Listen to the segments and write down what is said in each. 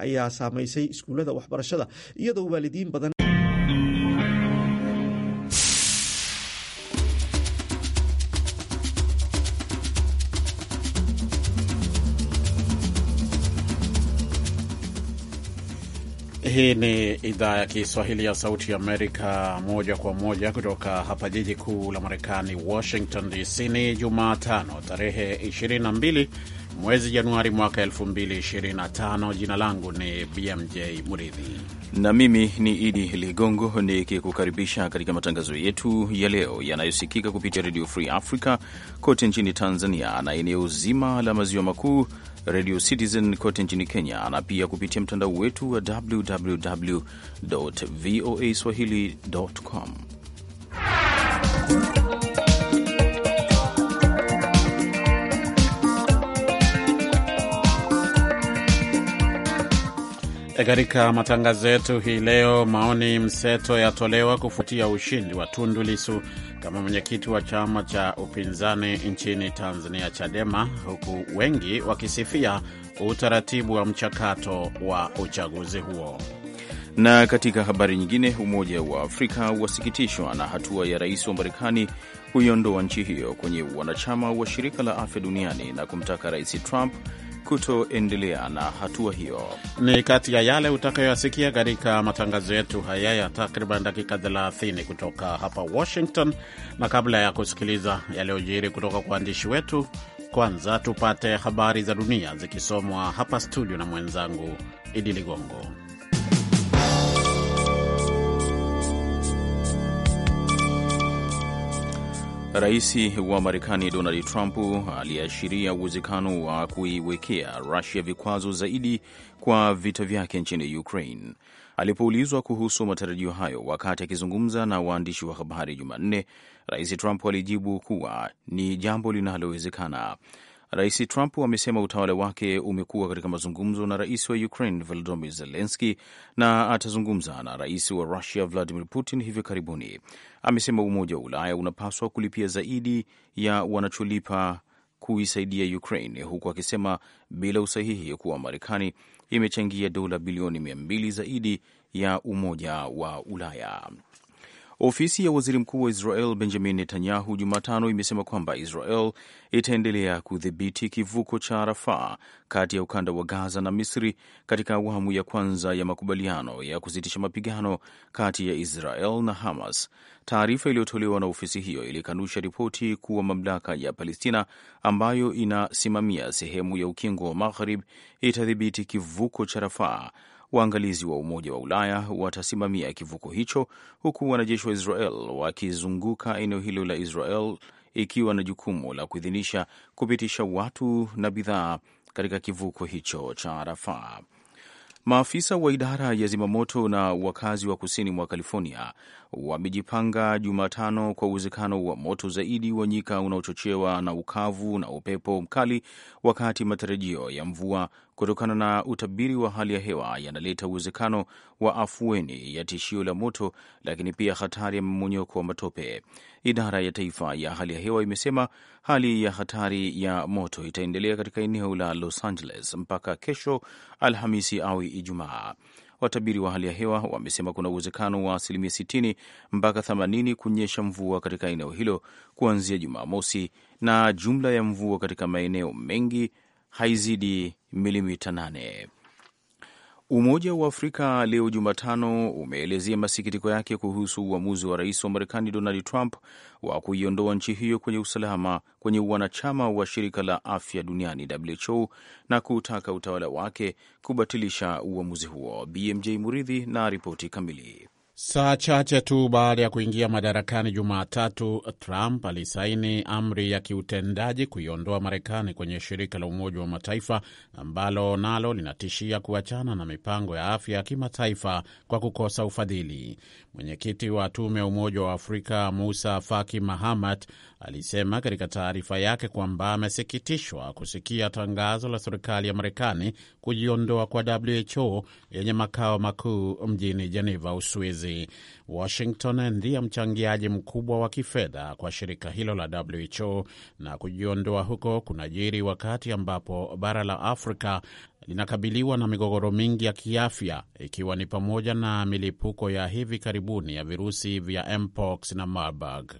ayaa saamaysay iskuullada waxbarashada iyadoo waalidiin badan Hii ni idhaa ya Kiswahili ya Sauti Amerika, moja kwa moja kutoka hapa jiji kuu la Marekani, Washington DC. Ni Jumatano tarehe mwezi Januari mwaka 2025. Jina langu ni BMJ Muridhi na mimi ni Idi Ligongo nikikukaribisha katika matangazo yetu ya leo yanayosikika kupitia Redio Free Africa kote nchini Tanzania na eneo zima la maziwa makuu, Radio Citizen kote nchini Kenya na pia kupitia mtandao wetu wa www voa swahili.com. E, katika matangazo yetu hii leo, maoni mseto yatolewa kufuatia ushindi wa Tundu Lisu kama mwenyekiti wa chama cha upinzani nchini Tanzania, Chadema, huku wengi wakisifia utaratibu wa mchakato wa uchaguzi huo. Na katika habari nyingine, Umoja wa Afrika wasikitishwa na hatua ya rais wa Marekani kuiondoa nchi hiyo kwenye wanachama wa Shirika la Afya Duniani na kumtaka Rais Trump kutoendelea na hatua hiyo. Ni kati ya yale utakayoyasikia katika matangazo yetu haya ya takriban dakika 30 kutoka hapa Washington, na kabla ya kusikiliza yaliyojiri kutoka kwa waandishi wetu, kwanza tupate habari za dunia zikisomwa hapa studio na mwenzangu Idi Ligongo. Rais wa Marekani Donald Trump aliashiria uwezekano wa kuiwekea Rusia vikwazo zaidi kwa vita vyake nchini Ukraine. Alipoulizwa kuhusu matarajio hayo wakati akizungumza na waandishi wa habari Jumanne, Rais Trump alijibu kuwa ni jambo linalowezekana. Rais Trump amesema utawala wake umekuwa katika mazungumzo na rais wa Ukraine Volodymyr Zelensky na atazungumza na rais wa Russia Vladimir Putin hivi karibuni amesema Umoja wa Ulaya unapaswa kulipia zaidi ya wanacholipa kuisaidia Ukraine, huku akisema bila usahihi kuwa Marekani imechangia dola bilioni mia mbili zaidi ya Umoja wa Ulaya. Ofisi ya waziri mkuu wa Israel Benjamin Netanyahu Jumatano imesema kwamba Israel itaendelea kudhibiti kivuko cha Rafaa kati ya ukanda wa Gaza na Misri katika awamu ya kwanza ya makubaliano ya kusitisha mapigano kati ya Israel na Hamas. Taarifa iliyotolewa na ofisi hiyo ilikanusha ripoti kuwa mamlaka ya Palestina ambayo inasimamia sehemu ya ukingo wa Magharibi itadhibiti kivuko cha Rafaa waangalizi wa Umoja wa Ulaya watasimamia kivuko hicho, huku wanajeshi wa Israel wakizunguka eneo hilo la Israel ikiwa na jukumu la kuidhinisha kupitisha watu na bidhaa katika kivuko hicho cha Rafaa. Maafisa wa idara ya zimamoto na wakazi wa kusini mwa California wamejipanga Jumatano kwa uwezekano wa moto zaidi wa nyika unaochochewa na ukavu na upepo mkali, wakati matarajio ya mvua kutokana na utabiri wa hali ya hewa yanaleta uwezekano wa afueni ya tishio la moto, lakini pia hatari ya mmonyoko wa matope. Idara ya Taifa ya Hali ya Hewa imesema hali ya hatari ya moto itaendelea katika eneo la Los Angeles mpaka kesho Alhamisi au Ijumaa. Watabiri wa hali ya hewa wamesema kuna uwezekano wa asilimia 60 mpaka 80 kunyesha mvua katika eneo hilo kuanzia Jumamosi, na jumla ya mvua katika maeneo mengi haizidi milimita 8. Umoja wa Afrika leo Jumatano umeelezea masikitiko yake kuhusu uamuzi wa rais wa Marekani Donald Trump wa kuiondoa nchi hiyo kwenye usalama kwenye wanachama wa shirika la afya duniani WHO na kutaka utawala wake kubatilisha uamuzi huo. BMJ Muridhi na ripoti kamili. Saa chache tu baada ya kuingia madarakani Jumatatu, Trump alisaini amri ya kiutendaji kuiondoa Marekani kwenye shirika la Umoja wa Mataifa ambalo nalo linatishia kuachana na mipango ya afya ya kimataifa kwa kukosa ufadhili. Mwenyekiti wa tume ya Umoja wa Afrika Musa Faki Mahamat alisema katika taarifa yake kwamba amesikitishwa kusikia tangazo la serikali ya Marekani kujiondoa kwa WHO yenye makao makuu mjini Jeneva, Uswizi uchaguzi, Washington ndiye mchangiaji mkubwa wa kifedha kwa shirika hilo la WHO, na kujiondoa huko kunajiri wakati ambapo bara la Afrika linakabiliwa na migogoro mingi ya kiafya ikiwa ni pamoja na milipuko ya hivi karibuni ya virusi vya mpox na Marburg.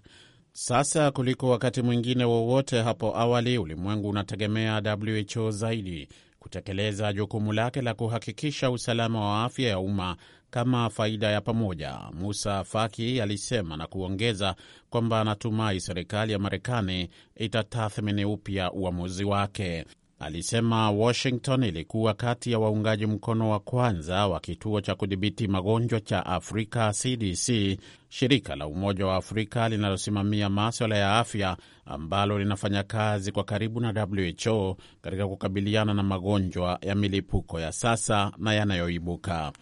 Sasa kuliko wakati mwingine wowote hapo awali, ulimwengu unategemea WHO zaidi kutekeleza jukumu lake la kuhakikisha usalama wa afya ya umma kama faida ya pamoja, Musa Faki alisema na kuongeza kwamba anatumai serikali ya Marekani itatathmini upya uamuzi wake. Alisema Washington ilikuwa kati ya waungaji mkono wa kwanza wa kituo cha kudhibiti magonjwa cha Afrika CDC, shirika la Umoja wa Afrika linalosimamia maswala ya afya ambalo linafanya kazi kwa karibu na WHO katika kukabiliana na magonjwa ya milipuko ya sasa na yanayoibuka.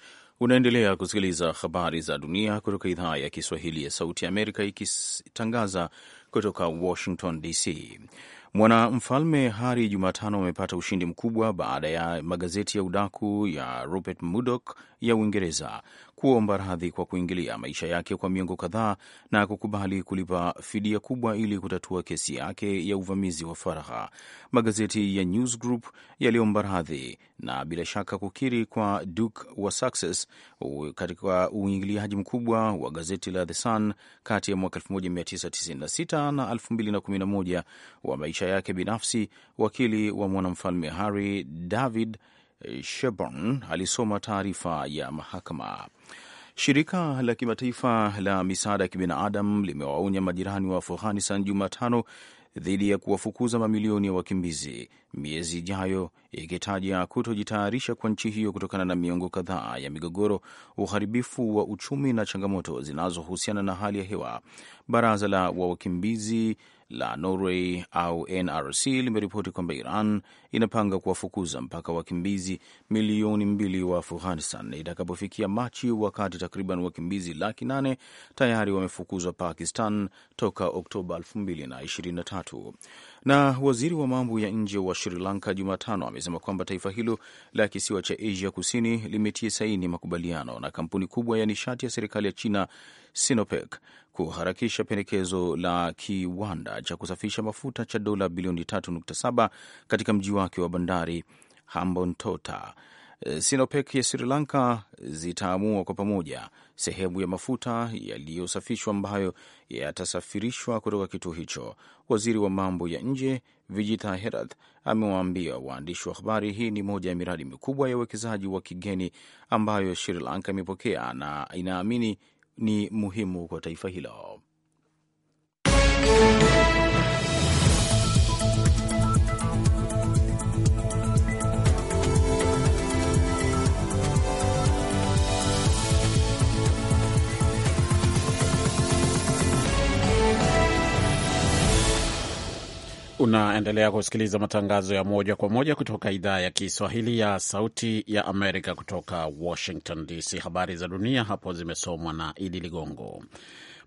Unaendelea kusikiliza habari za dunia kutoka idhaa ya Kiswahili ya Sauti ya Amerika ikitangaza kutoka Washington DC. Mwanamfalme Hari Jumatano amepata ushindi mkubwa baada ya magazeti ya udaku ya Rupert Murdoch ya Uingereza kuomba radhi kwa kuingilia maisha yake kwa miongo kadhaa na kukubali kulipa fidia kubwa ili kutatua kesi yake ya uvamizi wa faragha. Magazeti ya News Group yaliomba radhi na bila shaka kukiri kwa Duke wa Sussex katika uingiliaji mkubwa wa gazeti la The Sun kati ya mwaka 1996 na 2011 wa maisha yake binafsi. Wakili wa mwanamfalme Harry David Sheborn alisoma taarifa ya mahakama. Shirika la kimataifa la misaada ya kibinadamu limewaonya majirani wa Afghanistan Jumatano dhidi ya kuwafukuza mamilioni ya wakimbizi miezi ijayo, ikitaja kutojitayarisha kwa nchi hiyo kutokana na miongo kadhaa ya migogoro, uharibifu wa uchumi na changamoto zinazohusiana na hali ya hewa. Baraza la wawakimbizi la Norway au NRC limeripoti kwamba Iran inapanga kuwafukuza mpaka wakimbizi milioni mbili wa Afghanistan itakapofikia Machi, wakati takriban wakimbizi laki nane tayari wamefukuzwa Pakistan toka Oktoba 2023. Na waziri wa mambo ya nje wa Sri Lanka Jumatano amesema kwamba taifa hilo la kisiwa cha Asia Kusini limetia saini makubaliano na kampuni kubwa ya nishati ya serikali ya China Sinopec kuharakisha pendekezo la kiwanda cha kusafisha mafuta cha dola bilioni 3.7 katika mji wake wa bandari Hambantota. Sinopec ya Sri Lanka zitaamua kwa pamoja sehemu ya mafuta yaliyosafishwa ambayo yatasafirishwa kutoka kituo hicho. Waziri wa mambo ya nje Vijita Herath amewaambia waandishi wa habari, hii ni moja ya miradi mikubwa ya uwekezaji wa kigeni ambayo Sri Lanka imepokea na inaamini ni muhimu kwa taifa hilo. Unaendelea kusikiliza matangazo ya moja kwa moja kutoka idhaa ya Kiswahili ya Sauti ya Amerika kutoka Washington DC. Habari za dunia hapo zimesomwa na Idi Ligongo.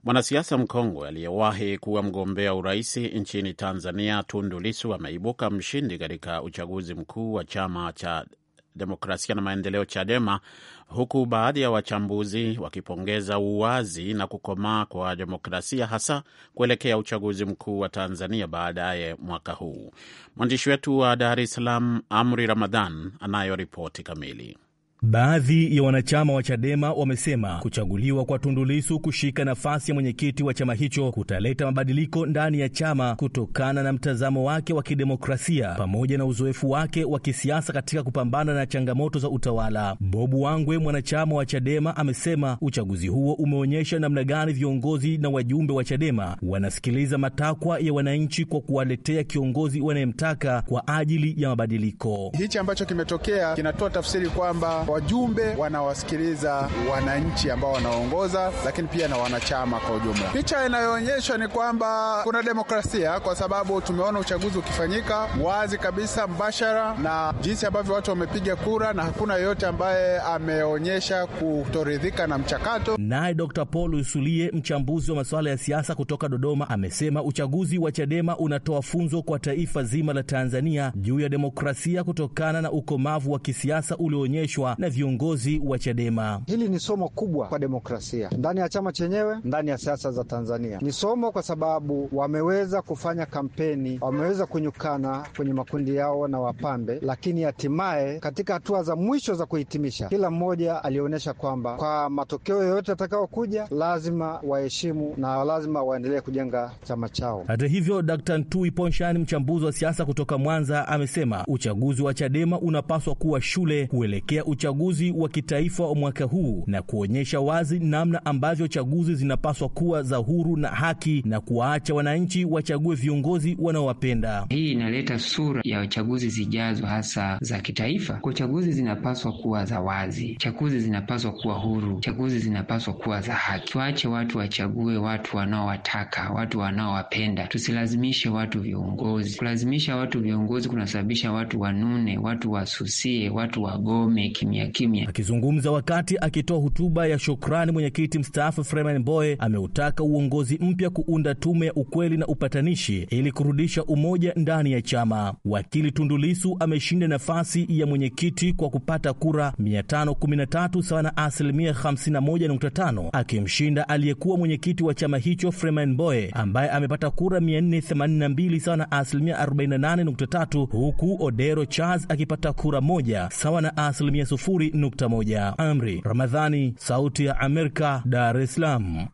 Mwanasiasa mkongwe aliyewahi kuwa mgombea urais nchini Tanzania, Tundu Lisu ameibuka mshindi katika uchaguzi mkuu wa chama cha demokrasia na maendeleo Chadema, huku baadhi ya wachambuzi wakipongeza uwazi na kukomaa kwa demokrasia hasa kuelekea uchaguzi mkuu wa Tanzania baadaye mwaka huu. Mwandishi wetu wa Dar es Salaam, Amri Ramadhan, anayo ripoti kamili. Baadhi ya wanachama wa Chadema wamesema kuchaguliwa kwa Tundulisu kushika nafasi ya mwenyekiti wa chama hicho kutaleta mabadiliko ndani ya chama kutokana na mtazamo wake wa kidemokrasia pamoja na uzoefu wake wa kisiasa katika kupambana na changamoto za utawala. Bobu Wangwe, mwanachama wa Chadema, amesema uchaguzi huo umeonyesha namna gani viongozi na wajumbe wa Chadema wanasikiliza matakwa ya wananchi kwa kuwaletea kiongozi wanayemtaka kwa ajili ya mabadiliko. Hichi ambacho kimetokea kinatoa tafsiri kwamba wajumbe wanawasikiliza wananchi ambao wanaongoza, lakini pia na wanachama kwa ujumla. Picha inayoonyeshwa ni kwamba kuna demokrasia, kwa sababu tumeona uchaguzi ukifanyika wazi kabisa, mbashara na jinsi ambavyo watu wamepiga kura, na hakuna yeyote ambaye ameonyesha kutoridhika na mchakato. Naye Dr. Paul Usulie, mchambuzi wa masuala ya siasa kutoka Dodoma, amesema uchaguzi wa Chadema unatoa funzo kwa taifa zima la Tanzania juu ya demokrasia kutokana na ukomavu wa kisiasa ulioonyeshwa na viongozi wa Chadema. Hili ni somo kubwa kwa demokrasia ndani ya chama chenyewe, ndani ya siasa za Tanzania. Ni somo kwa sababu wameweza kufanya kampeni, wameweza kunyukana kwenye makundi yao na wapambe, lakini hatimaye katika hatua za mwisho za kuhitimisha, kila mmoja alionyesha kwamba kwa matokeo yoyote yatakayokuja, lazima waheshimu na lazima waendelee kujenga chama chao. Hata hivyo, Dkt. Ntui Ponshan, mchambuzi wa siasa kutoka Mwanza, amesema uchaguzi wa Chadema unapaswa kuwa shule kuelekea uchaguzi uchaguzi wa kitaifa mwaka huu na kuonyesha wazi namna ambavyo chaguzi zinapaswa kuwa za huru na haki na kuwaacha wananchi wachague viongozi wanaowapenda. Hii inaleta sura ya chaguzi zijazo, hasa za kitaifa, kwa chaguzi zinapaswa kuwa za wazi, chaguzi zinapaswa kuwa huru, chaguzi zinapaswa kuwa za haki. Tuache watu wachague watu wanaowataka, watu wanaowapenda. Tusilazimishe watu viongozi. Kulazimisha watu viongozi kunasababisha watu wanune, watu wasusie, watu wagome kimya kimya kimya. Akizungumza wakati akitoa hotuba ya shukrani, mwenyekiti mstaafu Freeman Mbowe ameutaka uongozi mpya kuunda tume ya ukweli na upatanishi ili kurudisha umoja ndani ya chama. Wakili Tundu Lissu ameshinda nafasi ya mwenyekiti kwa kupata kura 513 sawa na asilimia 51.5, akimshinda aliyekuwa mwenyekiti wa chama hicho Freeman Mbowe ambaye amepata kura 482 sawa na asilimia 48.3, huku Odero Charles akipata kura moja sawa na asilimia 0. 0.1. Amri Ramadhani, Sauti ya Amerika, Dar es Salaam.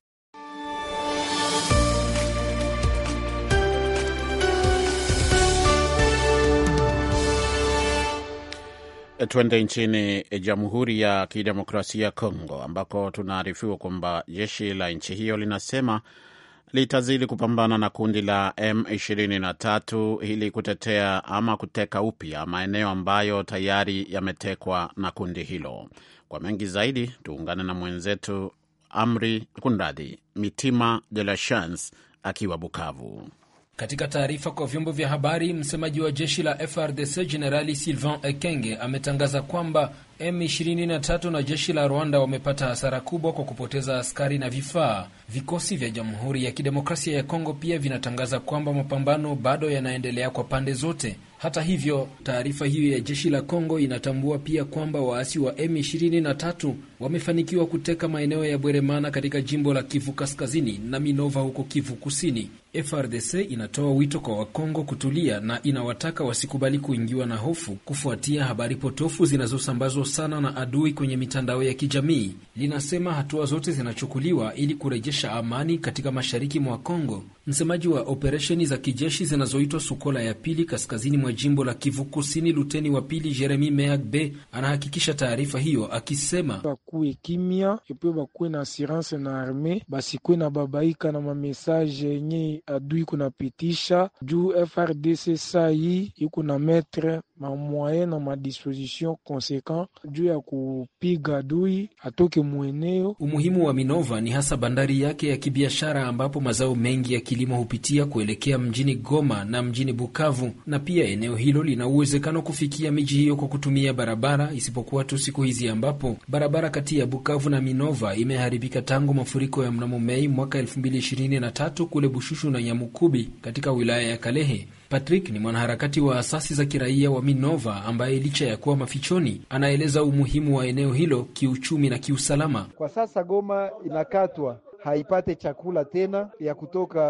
Tuende nchini Jamhuri ya Kidemokrasia ya Kongo ambako tunaarifiwa kwamba jeshi la nchi hiyo linasema litazidi kupambana na kundi la M23 ili kutetea ama kuteka upya maeneo ambayo tayari yametekwa na kundi hilo. Kwa mengi zaidi, tuungane na mwenzetu Amri Kundadhi Mitima de la Chance akiwa Bukavu. Katika taarifa kwa vyombo vya habari, msemaji wa jeshi la FRDC Jenerali Sylvain Ekenge ametangaza kwamba M23 na jeshi la Rwanda wamepata hasara kubwa kwa kupoteza askari na vifaa. Vikosi vya Jamhuri ya Kidemokrasia ya Kongo pia vinatangaza kwamba mapambano bado yanaendelea kwa pande zote. Hata hivyo, taarifa hiyo ya jeshi la Kongo inatambua pia kwamba waasi wa M23 wamefanikiwa kuteka maeneo ya Bweremana katika jimbo la Kivu Kaskazini na Minova huko Kivu Kusini. FRDC inatoa wito kwa Wakongo kutulia na inawataka wasikubali kuingiwa na hofu kufuatia habari potofu zinazosambazwa sana na adui kwenye mitandao ya kijamii. Linasema hatua zote zinachukuliwa ili kurejesha kurejesha amani katika mashariki mwa Kongo. Msemaji wa operesheni za kijeshi zinazoitwa Sukola ya pili kaskazini mwa jimbo la Kivu Kusini, luteni wa pili Jeremi Meagbe anahakikisha taarifa hiyo akisema, bakuwe kimya epo bakuwe na asirance na arme basikwe na babaika na mamesaje yenye adui kunapitisha juu FRDC sai iko na metre mamoye na madisposition konsekant juu ya kupiga adui atoke mweneo. Umuhimu wa Minova ni hasa bandari yake ya kibiashara ambapo mazao mengi ya kilimo hupitia kuelekea mjini Goma na mjini Bukavu, na pia eneo hilo lina uwezekano kufikia miji hiyo kwa kutumia barabara, isipokuwa tu siku hizi ambapo barabara kati ya Bukavu na Minova imeharibika tangu mafuriko ya mnamo Mei mwaka 2023 kule Bushushu na Nyamukubi katika wilaya ya Kalehe. Patrick ni mwanaharakati wa asasi za kiraia wa Minova ambaye licha ya kuwa mafichoni, anaeleza umuhimu wa eneo hilo kiuchumi na kiusalama. Kwa sasa Goma inakatwa haipate chakula tena ya kutoka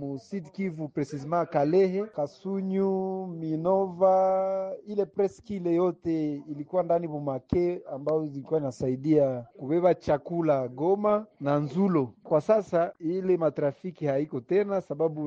Musid Kivu, presisema Kalehe, Kasunyu, Minova, ile preskile yote ilikuwa ndani Bumake ambayo zilikuwa inasaidia kubeba chakula Goma na Nzulo. Kwa sasa ile matrafiki haiko tena sababu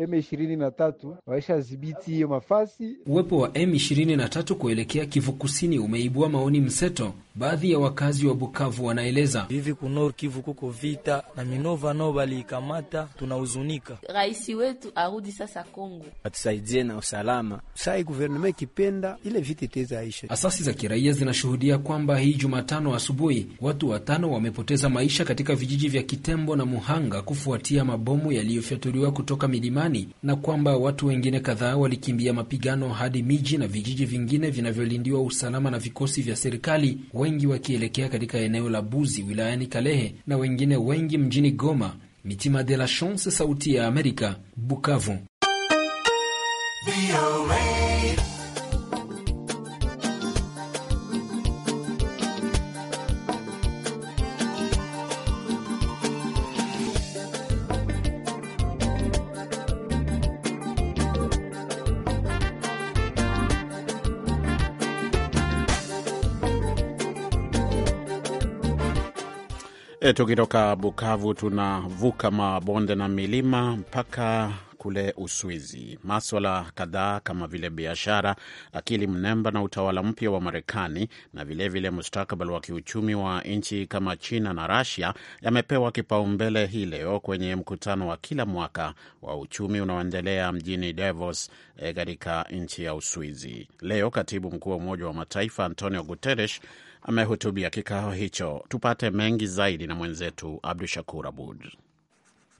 M23 waisha dhibiti hiyo mafasi. Uwepo wa M23 kuelekea Kivu Kusini umeibua maoni mseto. Baadhi ya wakazi wa Bukavu wanaeleza hivi, kunor Kivu kuko vita vita na Minova nao waliikamata, tunahuzunika. Rais wetu arudi sasa Kongo atusaidie na usalama. Sai guvernema ikipenda ile vita aisha. Asasi za kiraia zinashuhudia kwamba hii Jumatano asubuhi watu watano wamepoteza maisha katika vijiji vya Kitembo na Muhanga kufuatia mabomu yaliyofyatuliwa kutoka milimani na kwamba watu wengine kadhaa walikimbia mapigano hadi miji na vijiji vingine vinavyolindiwa usalama na vikosi vya serikali, wengi wakielekea katika eneo la Buzi wilayani Kalehe na wengine wengi wengi Goma. Mitima de la Chance, Sauti à Bukavu. E, tukitoka Bukavu tunavuka mabonde na milima mpaka kule Uswizi. Maswala kadhaa kama vile biashara, akili mnemba na utawala mpya wa Marekani na vilevile mustakabali wa kiuchumi wa nchi kama China na Rasia yamepewa kipaumbele hii leo kwenye mkutano wa kila mwaka wa uchumi unaoendelea mjini Davos e, katika nchi ya Uswizi. Leo katibu mkuu wa Umoja wa Mataifa Antonio Guterres amehutubia kikao hicho. Tupate mengi zaidi na mwenzetu Abdu Shakur Abud.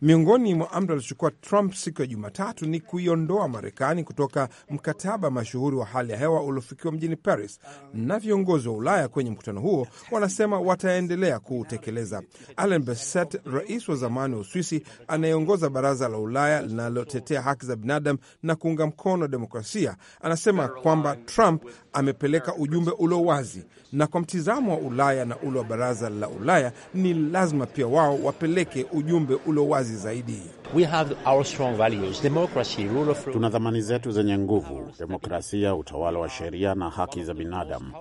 Miongoni mwa amri alichukua Trump siku ya Jumatatu ni kuiondoa Marekani kutoka mkataba mashuhuri wa hali ya hewa uliofikiwa mjini Paris, na viongozi wa Ulaya kwenye mkutano huo wanasema wataendelea kuutekeleza. Alain Berset, rais wa zamani wa Uswisi anayeongoza baraza la Ulaya linalotetea haki za binadamu na kuunga mkono demokrasia, anasema kwamba Trump amepeleka ujumbe ulio wazi, na kwa mtizamo wa Ulaya na ule wa baraza la Ulaya ni lazima pia wao wapeleke ujumbe ulio wazi wazi zaidi. We have our strong values, democracy, rule of... tuna dhamani zetu zenye nguvu: demokrasia, utawala wa sheria na haki za binadamu.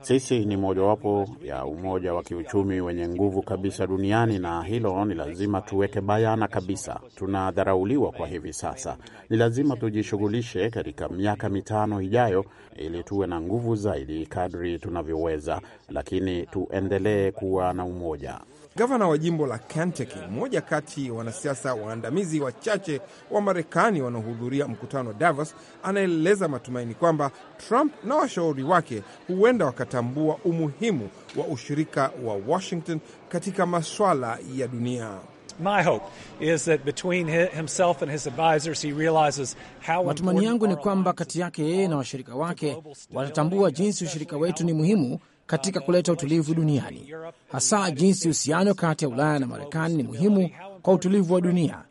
Sisi ni mojawapo ya umoja wa kiuchumi wenye nguvu kabisa duniani, na hilo ni lazima tuweke bayana kabisa. Tunadharauliwa kwa hivi sasa, ni lazima tujishughulishe katika miaka mitano ijayo, ili tuwe na nguvu zaidi kadri tunavyoweza, lakini tuendelee kuwa na umoja. Gavana wa jimbo la Kentucky, mmoja kati ya wanasiasa waandamizi wachache wa Marekani wanaohudhuria mkutano wa Davos, anaeleza matumaini kwamba Trump na washauri wake huenda wakatambua umuhimu wa ushirika wa Washington katika maswala ya dunia. Matumaini yangu ni kwamba kati yake yeye na washirika wake watatambua jinsi ushirika wetu ni muhimu katika kuleta utulivu duniani, hasa jinsi uhusiano kati ya Ulaya na Marekani ni muhimu kwa utulivu wa dunia,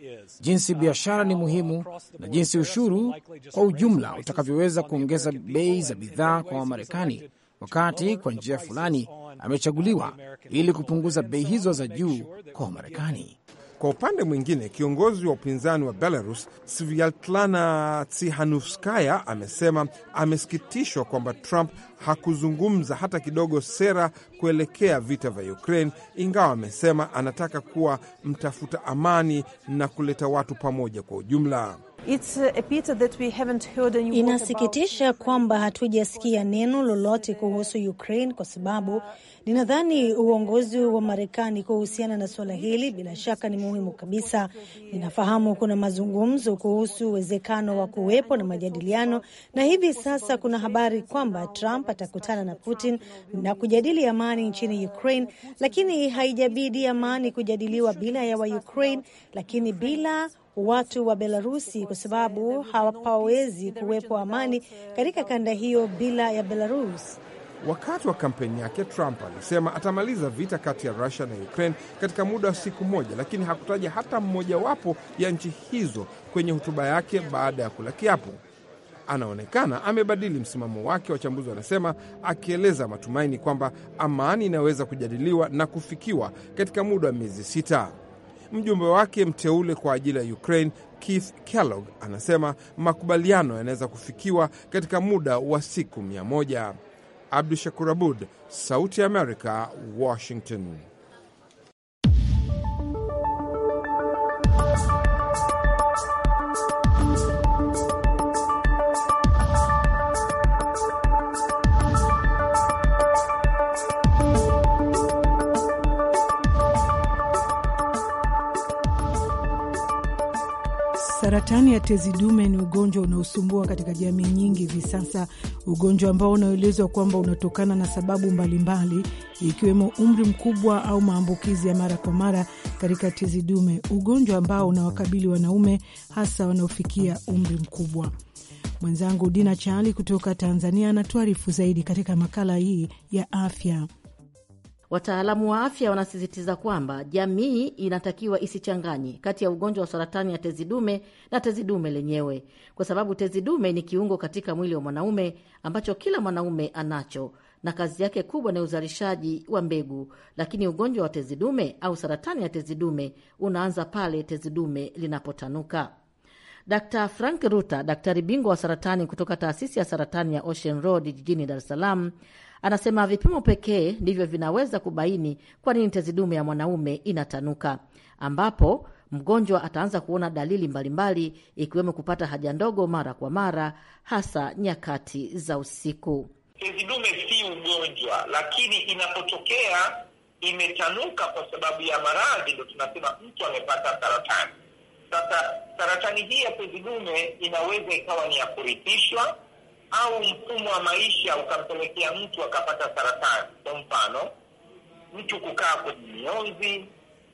jinsi biashara ni muhimu na jinsi ushuru kwa ujumla utakavyoweza kuongeza bei za bidhaa kwa Wamarekani, wakati kwa njia fulani amechaguliwa ili kupunguza bei hizo za juu kwa Wamarekani. Kwa upande mwingine, kiongozi wa upinzani wa Belarus Sviatlana Tsihanuskaya amesema amesikitishwa kwamba Trump hakuzungumza hata kidogo sera kuelekea vita vya Ukraine, ingawa amesema anataka kuwa mtafuta amani na kuleta watu pamoja kwa ujumla. Inasikitisha kwamba hatujasikia neno lolote kuhusu Ukraine kwa sababu ninadhani uongozi wa Marekani kuhusiana na suala hili bila shaka ni muhimu kabisa. Ninafahamu kuna mazungumzo kuhusu uwezekano wa kuwepo na majadiliano, na hivi sasa kuna habari kwamba Trump atakutana na Putin na kujadili amani nchini Ukraine, lakini haijabidi amani kujadiliwa bila ya wa Ukraine, lakini bila watu wa Belarusi kwa sababu hawapawezi kuwepo amani katika kanda hiyo bila ya Belarus. Wakati wa kampeni yake Trump alisema atamaliza vita kati ya Rusia na Ukraine katika muda wa siku moja, lakini hakutaja hata mmojawapo ya nchi hizo kwenye hotuba yake baada ya kula kiapo. Anaonekana amebadili msimamo wake, wachambuzi wanasema, akieleza matumaini kwamba amani inaweza kujadiliwa na kufikiwa katika muda wa miezi sita. Mjumbe wake mteule kwa ajili ya Ukraine Keith Kellogg anasema makubaliano yanaweza kufikiwa katika muda wa siku mia moja. Abdu Shakur Abud, Sauti ya Amerika, Washington. Saratani ya tezi dume ni ugonjwa unaosumbua katika jamii nyingi hivi sasa, ugonjwa ambao unaelezwa kwamba unatokana na sababu mbalimbali ikiwemo umri mkubwa au maambukizi ya mara kwa mara katika tezi dume, ugonjwa ambao unawakabili wanaume hasa wanaofikia umri mkubwa. Mwenzangu Dina Chali kutoka Tanzania anatuarifu zaidi katika makala hii ya afya. Wataalamu wa afya wanasisitiza kwamba jamii inatakiwa isichanganye kati ya ugonjwa wa saratani ya tezi dume na tezi dume lenyewe, kwa sababu tezi dume ni kiungo katika mwili wa mwanaume ambacho kila mwanaume anacho na kazi yake kubwa ni uzalishaji wa mbegu, lakini ugonjwa wa tezi dume au saratani ya tezi dume unaanza pale tezi dume linapotanuka. Dr Frank Ruta, daktari bingwa wa saratani kutoka taasisi ya saratani ya Ocean Road jijini Dar es Salaam, Anasema vipimo pekee ndivyo vinaweza kubaini kwa nini tezi dume ya mwanaume inatanuka, ambapo mgonjwa ataanza kuona dalili mbalimbali mbali, ikiwemo kupata haja ndogo mara kwa mara, hasa nyakati za usiku. Tezi dume si ugonjwa, lakini inapotokea imetanuka kwa sababu ya maradhi, ndo tunasema mtu amepata saratani. Sasa saratani hii ya tezi dume inaweza ikawa ni ya kurithishwa au mfumo wa maisha ukampelekea mtu akapata saratani. Kwa mfano, mtu kukaa kwenye mionzi,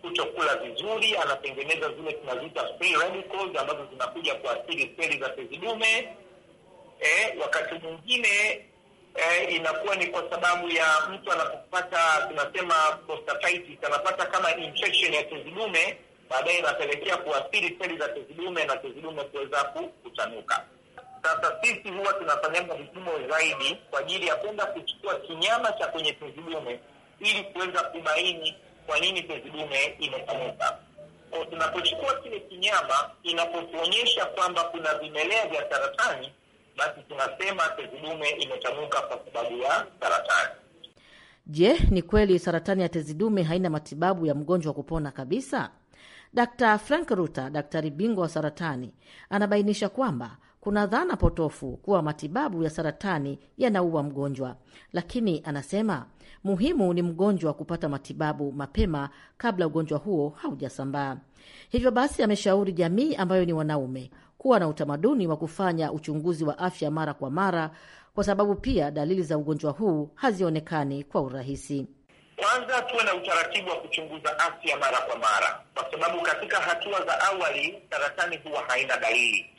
kutokula vizuri, anatengeneza zile tunaziita free radicals ambazo zinakuja kuathiri seli za tezi dume. Eh, wakati mwingine eh, inakuwa ni kwa sababu ya mtu anapopata tunasema prostatitis, anapata kama infection ya tezi dume, baadaye inapelekea kuathiri seli za tezi dume na tezi dume kuweza kutanuka. Sasa sisi huwa tunafanyaga vipimo zaidi kwa ajili ya kwenda kuchukua kinyama cha kwenye tezi dume ili kuweza kubaini kwa nini tezi dume imefanyika. Tunapochukua kile kinyama, inapotuonyesha kwamba kuna vimelea vya saratani, basi tunasema tezi dume imetanuka kwa sababu ya saratani. Je, ni kweli saratani ya tezi dume haina matibabu ya mgonjwa wa kupona kabisa? Dkt. Frank rute daktari bingwa wa saratani, anabainisha kwamba kuna dhana potofu kuwa matibabu ya saratani yanaua mgonjwa, lakini anasema muhimu ni mgonjwa kupata matibabu mapema kabla ugonjwa huo haujasambaa. Hivyo basi, ameshauri jamii ambayo ni wanaume kuwa na utamaduni wa kufanya uchunguzi wa afya mara kwa mara, kwa sababu pia dalili za ugonjwa huu hazionekani kwa urahisi. Kwanza tuwe na utaratibu wa kuchunguza afya mara kwa mara, kwa sababu katika hatua za awali saratani huwa haina dalili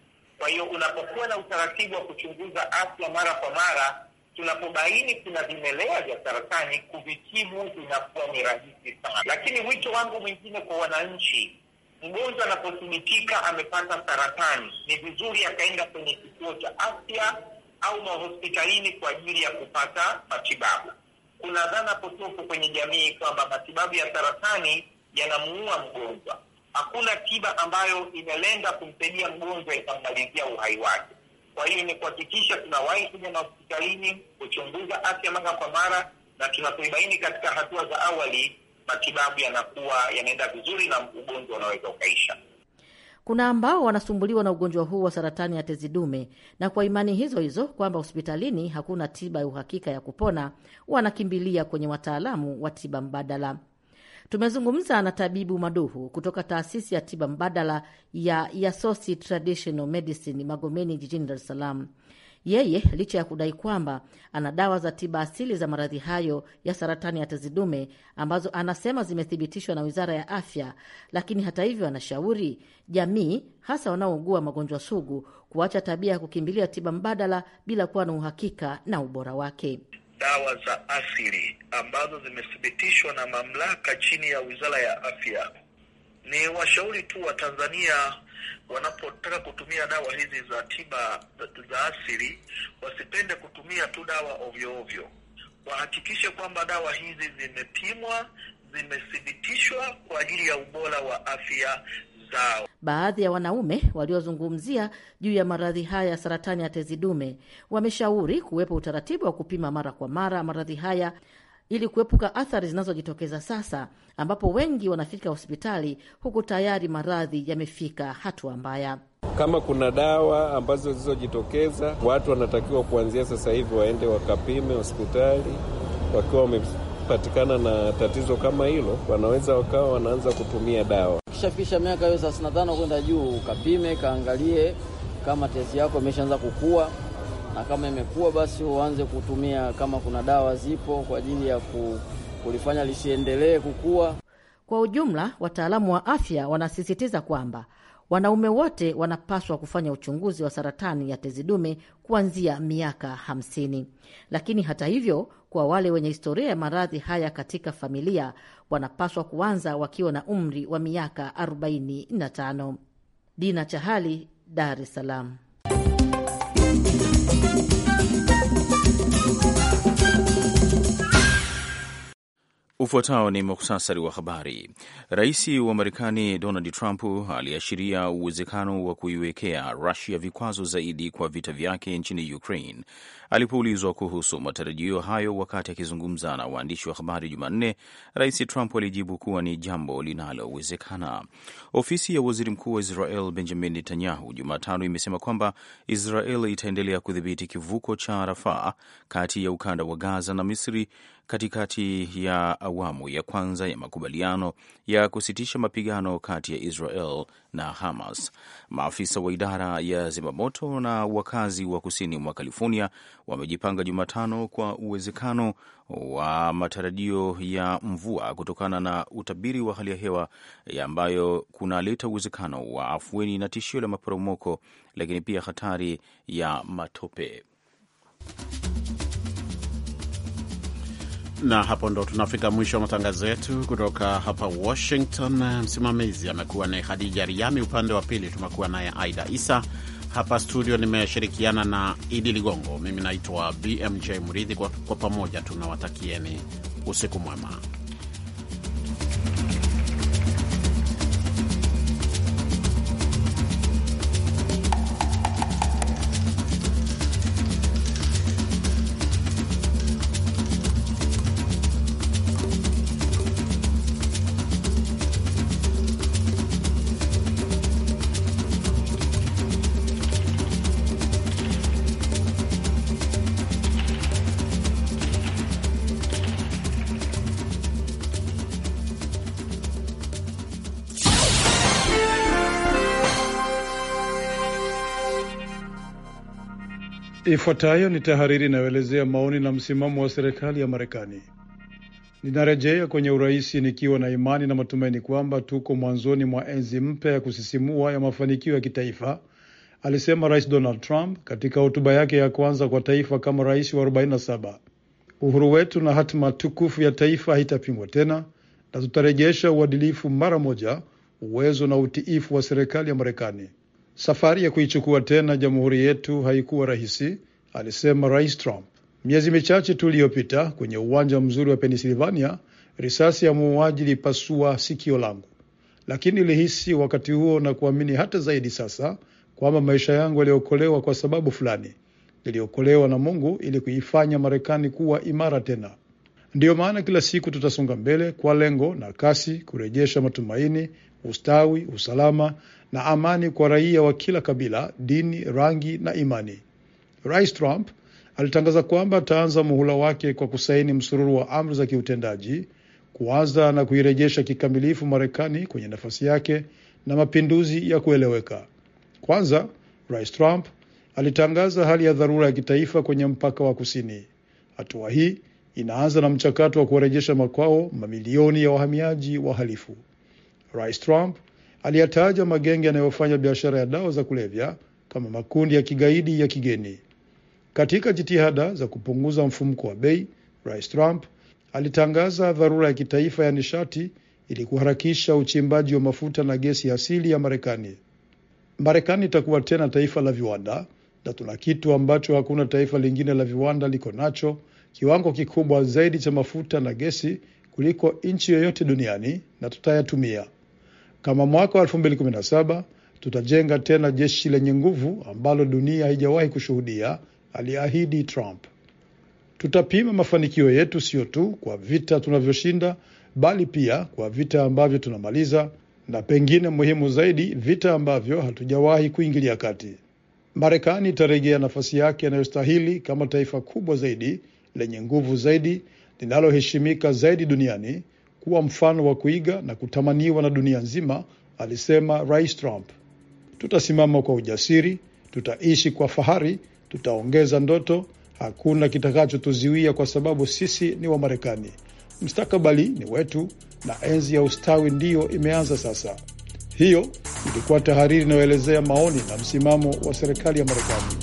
kwa hiyo unapokuwa na utaratibu wa kuchunguza afya mara kwa mara, tunapobaini kuna vimelea vya saratani, kuvitibu inakuwa ni rahisi sana. Lakini wito wangu mwingine kwa wananchi, mgonjwa anapothibitika amepata saratani, ni vizuri akaenda kwenye kituo cha afya au mahospitalini kwa ajili ya kupata matibabu. Kuna dhana potofu kwenye jamii kwamba matibabu ya saratani yanamuua mgonjwa. Hakuna tiba ambayo inalenga kumsaidia mgonjwa ikamalizia uhai wake. Kwa hiyo ni kuhakikisha tunawahi kuja na hospitalini kuchunguza afya mara kwa mara, na tunapoibaini katika hatua za awali, matibabu yanakuwa yanaenda vizuri na ugonjwa unaweza ukaisha. Kuna ambao wanasumbuliwa na ugonjwa huu wa saratani ya tezi dume, na kwa imani hizo hizo kwamba hospitalini hakuna tiba ya uhakika ya kupona, wanakimbilia kwenye wataalamu wa tiba mbadala. Tumezungumza na Tabibu Maduhu kutoka taasisi ya tiba mbadala ya Yasosi Traditional Medicine Magomeni jijini Dar es Salaam. Yeye licha ya kudai kwamba ana dawa za tiba asili za maradhi hayo ya saratani ya tezi dume ambazo anasema zimethibitishwa na Wizara ya Afya, lakini hata hivyo, anashauri jamii, hasa wanaougua magonjwa sugu, kuacha tabia ya kukimbilia tiba mbadala bila kuwa na uhakika na ubora wake dawa za asili ambazo zimethibitishwa na mamlaka chini ya Wizara ya Afya. Ni washauri tu wa Tanzania wanapotaka kutumia dawa hizi za tiba za asili wasipende kutumia tu dawa ovyo ovyo, wahakikishe kwamba dawa hizi zimepimwa, zimethibitishwa kwa ajili ya ubora wa afya zao. Baadhi ya wanaume waliozungumzia juu ya maradhi haya ya saratani ya tezi dume wameshauri kuwepo utaratibu wa kupima mara kwa mara maradhi haya ili kuepuka athari zinazojitokeza sasa, ambapo wengi wanafika hospitali huku tayari maradhi yamefika hatua mbaya. Kama kuna dawa ambazo zilizojitokeza, watu wanatakiwa kuanzia sasa hivi waende wakapime hospitali wakiwa wanapatikana na tatizo kama hilo wanaweza wakawa wanaanza kutumia dawa. Ukishafikisha miaka hiyo thelathini na tano kwenda juu, ukapime kaangalie kama tezi yako imeshaanza kukua, na kama imekuwa basi uanze kutumia, kama kuna dawa zipo kwa ajili ya kulifanya lisiendelee kukua. Kwa ujumla, wataalamu wa afya wanasisitiza kwamba wanaume wote wanapaswa kufanya uchunguzi wa saratani ya tezi dume kuanzia miaka hamsini. Lakini hata hivyo kwa wale wenye historia ya maradhi haya katika familia wanapaswa kuanza wakiwa na umri wa miaka 45. Dina Chahali, Dar es Salaam. Ufuatao ni muktasari wa habari. Rais wa Marekani Donald Trump aliashiria uwezekano wa kuiwekea Rusia vikwazo zaidi kwa vita vyake nchini Ukraine alipoulizwa kuhusu matarajio hayo wakati akizungumza na waandishi wa habari Jumanne. Rais Trump alijibu kuwa ni jambo linalowezekana. Ofisi ya waziri mkuu wa Israel Benjamin Netanyahu Jumatano imesema kwamba Israel itaendelea kudhibiti kivuko cha Rafaa kati ya ukanda wa Gaza na Misri katikati ya awamu ya kwanza ya makubaliano ya kusitisha mapigano kati ya Israel na Hamas. Maafisa wa idara ya zimamoto na wakazi wa kusini mwa California wamejipanga Jumatano kwa uwezekano wa matarajio ya mvua kutokana na utabiri wa hali ya hewa ambayo kunaleta uwezekano wa afueni na tishio la maporomoko, lakini pia hatari ya matope na hapo ndo tunafika mwisho wa matangazo yetu kutoka hapa Washington. Msimamizi amekuwa ni hadija Riami, upande wa pili tumekuwa naye Aida Isa. Hapa studio nimeshirikiana na Idi Ligongo. Mimi naitwa BMJ mridhi Kwa, kwa pamoja tunawatakieni usiku mwema. Ifuatayo ni tahariri inayoelezea maoni na msimamo wa serikali ya Marekani. Ninarejea kwenye uraisi nikiwa na imani na matumaini kwamba tuko mwanzoni mwa enzi mpya ya kusisimua ya mafanikio ya kitaifa, alisema Rais Donald Trump katika hotuba yake ya kwanza kwa taifa kama rais wa 47. Uhuru wetu na hatima tukufu ya taifa haitapingwa tena, na tutarejesha uadilifu mara moja, uwezo na utiifu wa serikali ya Marekani. Safari ya kuichukua tena jamhuri yetu haikuwa rahisi, alisema Rais Trump. Miezi michache tu iliyopita, kwenye uwanja mzuri wa Pennsylvania, risasi ya muuaji ilipasua sikio langu, lakini nilihisi wakati huo na kuamini hata zaidi sasa kwamba maisha yangu yaliokolewa kwa sababu fulani. Niliokolewa na Mungu ili kuifanya Marekani kuwa imara tena. Ndiyo maana kila siku tutasonga mbele kwa lengo na kasi, kurejesha matumaini ustawi, usalama na amani kwa raia wa kila kabila, dini, rangi na imani. Rais Trump alitangaza kwamba ataanza muhula wake kwa kusaini msururu wa amri za kiutendaji, kuanza na kuirejesha kikamilifu Marekani kwenye nafasi yake na mapinduzi ya kueleweka. Kwanza, Rais Trump alitangaza hali ya dharura ya kitaifa kwenye mpaka wa kusini. Hatua hii inaanza na mchakato wa kuwarejesha makwao mamilioni ya wahamiaji wahalifu. Rais Trump aliyataja magenge yanayofanya biashara ya dawa za kulevya kama makundi ya kigaidi ya kigeni. Katika jitihada za kupunguza mfumko wa bei, Rais Trump alitangaza dharura ya kitaifa ya nishati ili kuharakisha uchimbaji wa mafuta na gesi asili ya Marekani. Marekani itakuwa tena taifa la viwanda na tuna kitu ambacho hakuna taifa lingine la viwanda liko nacho, kiwango kikubwa zaidi cha mafuta na gesi kuliko nchi yoyote duniani, na tutayatumia. Kama mwaka wa 2017 tutajenga tena jeshi lenye nguvu ambalo dunia haijawahi kushuhudia, aliahidi Trump. Tutapima mafanikio yetu sio tu kwa vita tunavyoshinda, bali pia kwa vita ambavyo tunamaliza na pengine muhimu zaidi, vita ambavyo hatujawahi kuingilia kati. Marekani itarejea nafasi yake inayostahili kama taifa kubwa zaidi lenye nguvu zaidi linaloheshimika zaidi duniani kuwa mfano wa kuiga na kutamaniwa na dunia nzima, alisema Rais Trump. Tutasimama kwa ujasiri, tutaishi kwa fahari, tutaongeza ndoto. Hakuna kitakachotuziwia kwa sababu sisi ni Wamarekani. Mstakabali ni wetu na enzi ya ustawi ndiyo imeanza sasa. Hiyo ilikuwa tahariri inayoelezea maoni na msimamo wa serikali ya Marekani.